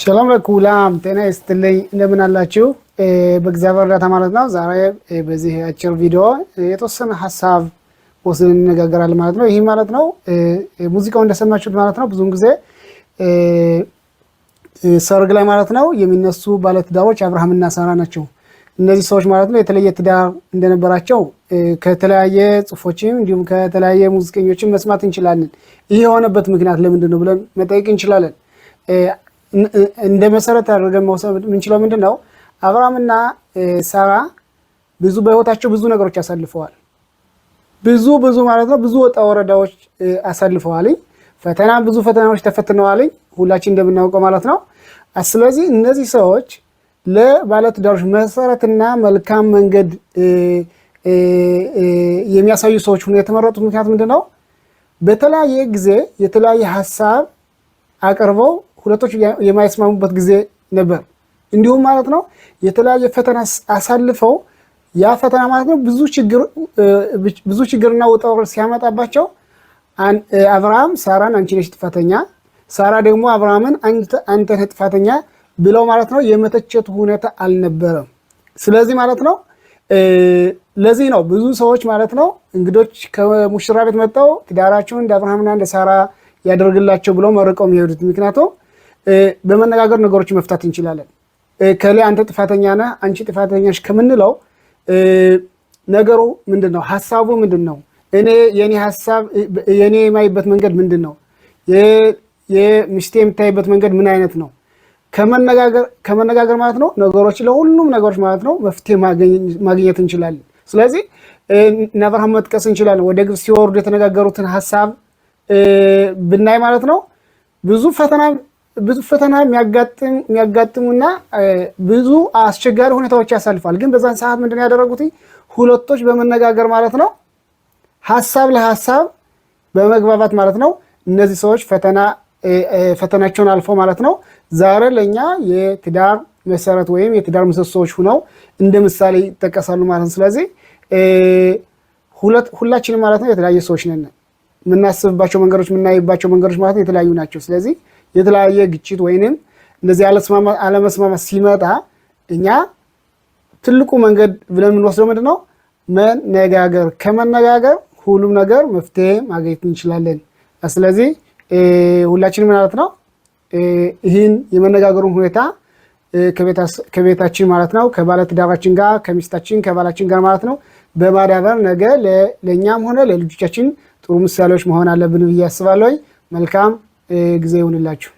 ሰላም ለኩላም ጤና ይስጥልኝ። እንደምን አላችሁ? በእግዚአብሔር እርዳታ ማለት ነው። ዛሬ በዚህ አጭር ቪዲዮ የተወሰነ ሀሳብ ወስደን እንነጋገራለን ማለት ነው። ይህ ማለት ነው ሙዚቃው እንደሰማችሁት ማለት ነው ብዙውን ጊዜ ሰርግ ላይ ማለት ነው የሚነሱ ባለትዳሮች አብርሃምና ሳራ ናቸው። እነዚህ ሰዎች ማለት ነው የተለየ ትዳር እንደነበራቸው ከተለያየ ጽሁፎችም እንዲሁም ከተለያየ ሙዚቀኞችም መስማት እንችላለን። ይህ የሆነበት ምክንያት ለምንድን ነው ብለን መጠየቅ እንችላለን። እንደ መሰረት አድርገን መውሰድ የምንችለው ምንድን ነው? አብርሃምና ሳራ ብዙ በህይወታቸው ብዙ ነገሮች አሳልፈዋል። ብዙ ብዙ ማለት ነው ብዙ ወጣ ወረዳዎች አሳልፈዋልኝ። ፈተና ብዙ ፈተናዎች ተፈትነዋልኝ፣ ሁላችን እንደምናውቀው ማለት ነው። ስለዚህ እነዚህ ሰዎች ለባለትዳሮች መሰረትና መልካም መንገድ የሚያሳዩ ሰዎች ሆነው የተመረጡት ምክንያት ምንድን ነው? በተለያየ ጊዜ የተለያየ ሀሳብ አቅርበው ሁለቶች የማይስማሙበት ጊዜ ነበር። እንዲሁም ማለት ነው የተለያየ ፈተና አሳልፈው ያ ፈተና ማለት ነው ብዙ ችግርና ውጣ ሲያመጣባቸው አብርሃም ሳራን አንቺ ነሽ ጥፋተኛ፣ ሳራ ደግሞ አብርሃምን አንተ ነህ ጥፋተኛ ብለው ማለት ነው የመተቸት ሁኔታ አልነበረም። ስለዚህ ማለት ነው ለዚህ ነው ብዙ ሰዎች ማለት ነው እንግዶች ከሙሽራ ቤት መጥተው ትዳራቸውን እንደ አብርሃምና እንደ ሳራ ያደርግላቸው ብለው መርቀው የሚሄዱት ምክንያቱም በመነጋገር ነገሮች መፍታት እንችላለን። ከላይ አንተ ጥፋተኛ ነህ፣ አንቺ ጥፋተኛሽ ከምንለው ነገሩ ምንድን ነው? ሀሳቡ ምንድን ነው? እኔ የኔ ሀሳብ የኔ የማይበት መንገድ ምንድን ነው? የሚስቴ የምታይበት መንገድ ምን አይነት ነው? ከመነጋገር ማለት ነው ነገሮች ለሁሉም ነገሮች ማለት ነው መፍትሄ ማግኘት እንችላለን። ስለዚህ ነብርሃን መጥቀስ እንችላለን። ወደ ግብፅ ሲወርዱ የተነጋገሩትን ሀሳብ ብናይ ማለት ነው ብዙ ፈተና ብዙ ፈተና የሚያጋጥሙና ብዙ አስቸጋሪ ሁኔታዎች ያሳልፋል። ግን በዛን ሰዓት ምንድን ያደረጉት ሁለቶች በመነጋገር ማለት ነው፣ ሀሳብ ለሀሳብ በመግባባት ማለት ነው። እነዚህ ሰዎች ፈተናቸውን አልፎ ማለት ነው ዛሬ ለእኛ የትዳር መሰረት ወይም የትዳር ምሰሶዎች ሁነው እንደ ምሳሌ ይጠቀሳሉ ማለት ነው። ስለዚህ ሁላችንም ማለት ነው የተለያየ ሰዎች ነን። የምናስብባቸው መንገዶች፣ የምናይባቸው መንገዶች ማለት ነው የተለያዩ ናቸው። ስለዚህ የተለያየ ግጭት ወይንም እንደዚህ አለመስማማት ሲመጣ እኛ ትልቁ መንገድ ብለን የምንወስደው ምንድን ነው? መነጋገር። ከመነጋገር ሁሉም ነገር መፍትሄ ማግኘት እንችላለን። ስለዚህ ሁላችን ማለት ነው ይህን የመነጋገሩን ሁኔታ ከቤታችን ማለት ነው ከባለትዳራችን ጋር ከሚስታችን ከባላችን ጋር ማለት ነው በማዳበር ነገ ለእኛም ሆነ ለልጆቻችን ጥሩ ምሳሌዎች መሆን አለብን ብዬ አስባለሁ። መልካም ጊዜ ይሁንላችሁ።